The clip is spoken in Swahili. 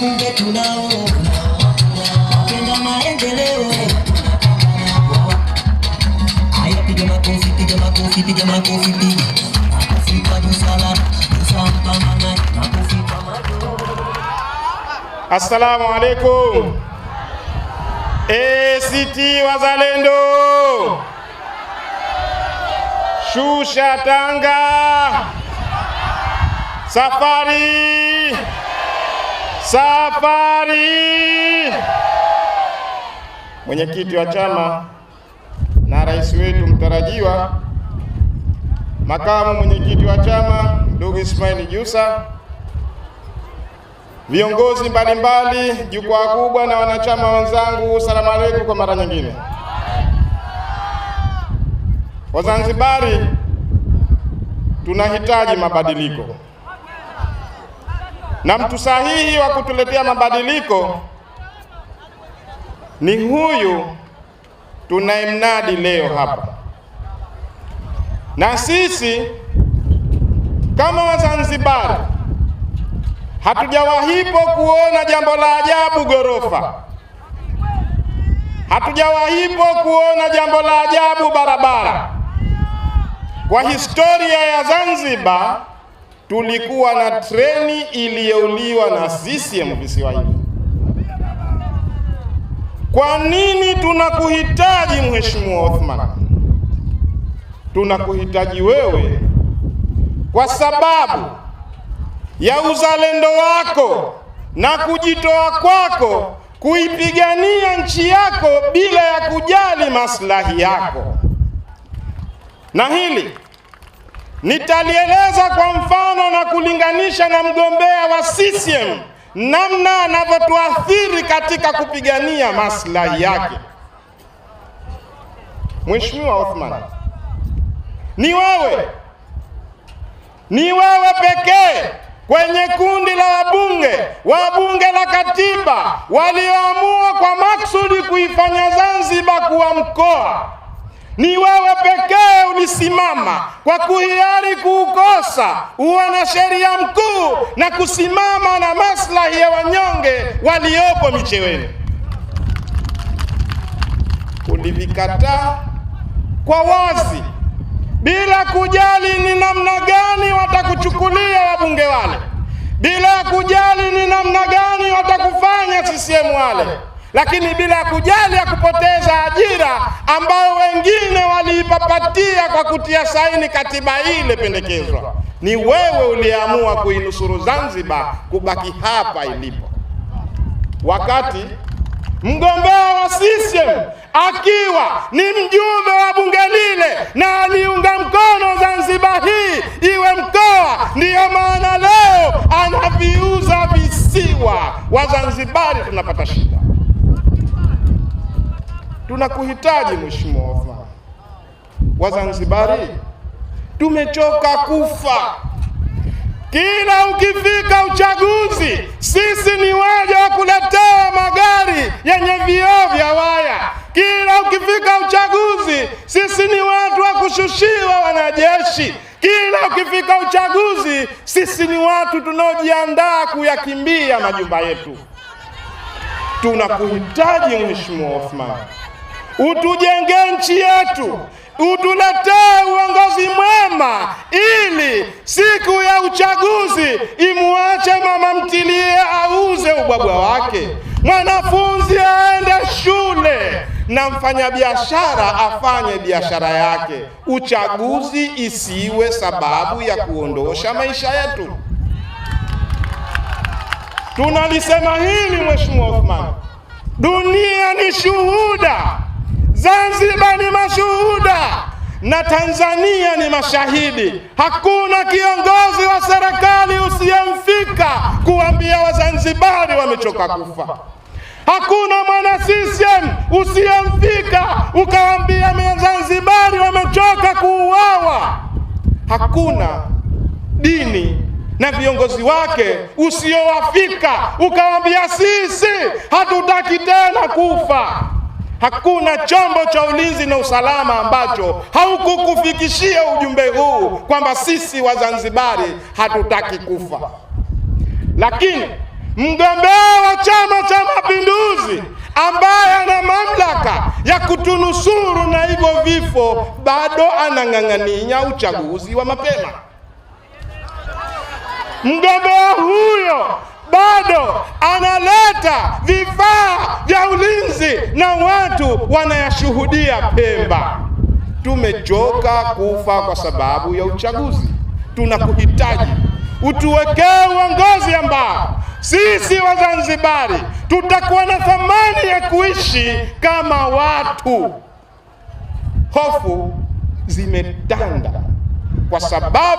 Wabunge tunao wapenda maendeleo. piga makofi, piga makofi, piga makofi, piga makofi kwa Dusala, Dusala makofi kwa madogo. Assalamu alaikum, ACT Wazalendo, shusha tanga, safari Safari. Mwenyekiti wa chama na rais wetu mtarajiwa, makamu mwenyekiti wa chama ndugu Ismail Jusa, viongozi mbalimbali, jukwaa kubwa na wanachama wenzangu, salamu aleikum kwa mara nyingine. Wazanzibari tunahitaji mabadiliko na mtu sahihi wa kutuletea mabadiliko ni huyu tunayemnadi leo hapa. Na sisi kama Wazanzibari hatujawahipo kuona jambo la ajabu ghorofa, hatujawahipo kuona jambo la ajabu barabara. Kwa historia ya Zanzibar tulikuwa na treni iliyouliwa na CCM visiwani. Kwa nini tunakuhitaji Mheshimiwa Othman? Tunakuhitaji wewe kwa sababu ya uzalendo wako na kujitoa kwako kuipigania nchi yako bila ya kujali maslahi yako, na hili nitalieleza kwa kujifananisha na mgombea wa CCM namna anavyotuathiri katika kupigania maslahi yake. Mheshimiwa Othman, ni wewe ni wewe pekee kwenye kundi la wabunge wa bunge la katiba walioamua kwa maksudi kuifanya Zanzibar kuwa mkoa. Ni wewe pekee ulisimama kwa kuhiari kuukosa sheria mkuu na kusimama na maslahi ya wanyonge waliopo Micheweni. Ulivikataa kwa wazi bila kujali ni namna gani watakuchukulia wabunge wale, bila kujali ni namna gani watakufanya CCM wale, lakini bila kujali ya kupoteza ambao wengine waliipapatia kwa kutia saini katiba ile pendekezwa. Ni wewe uliamua kuinusuru Zanzibar kubaki hapa ilipo, wakati mgombea wa CCM akiwa ni mjumbe wa bunge lile na aliunga mkono Zanzibar hii iwe mkoa. Ndiyo maana leo anaviuza visiwa, Wazanzibari tunapata shida. Tunakuhitaji mheshimiwa wafaa Wazanzibari, tumechoka kufa. Kila ukifika uchaguzi, sisi ni waja wa kuletea magari yenye vioo vya waya. Kila ukifika uchaguzi, sisi ni watu wa kushushiwa wanajeshi. Kila ukifika uchaguzi, sisi ni watu tunaojiandaa kuyakimbia majumba yetu. Tunakuhitaji mheshimiwa Othman utujenge nchi yetu, utuletee uongozi mwema, ili siku ya uchaguzi imuache mama mtilie auze ubwabwa wake, mwanafunzi aende shule na mfanyabiashara afanye biashara yake. Uchaguzi isiwe sababu ya kuondosha maisha yetu. Tunalisema hili Mheshimiwa Othman, dunia ni shuhuda Zanzibar ni mashuhuda na Tanzania ni mashahidi. Hakuna kiongozi wa serikali usiyemfika kuambia Wazanzibari wamechoka kufa. Hakuna mwana CCM usiyemfika ukawaambia Wazanzibari wamechoka kuuawa. Hakuna dini na viongozi wake usiyowafika ukawaambia sisi hatutaki tena kufa. Hakuna chombo cha ulinzi na usalama ambacho haukukufikishia ujumbe huu kwamba sisi Wazanzibari hatutaki kufa. Lakini mgombea wa Chama cha Mapinduzi ambaye ana mamlaka ya kutunusuru na hivyo vifo, bado anang'ang'ania uchaguzi wa mapema. Mgombea huyo bado analeta vifaa vya ulinzi na watu wanayashuhudia Pemba. Tumechoka kufa kwa sababu ya uchaguzi. Tunakuhitaji utuwekee uongozi ambao sisi Wazanzibari tutakuwa na thamani ya kuishi kama watu. Hofu zimetanda kwa sababu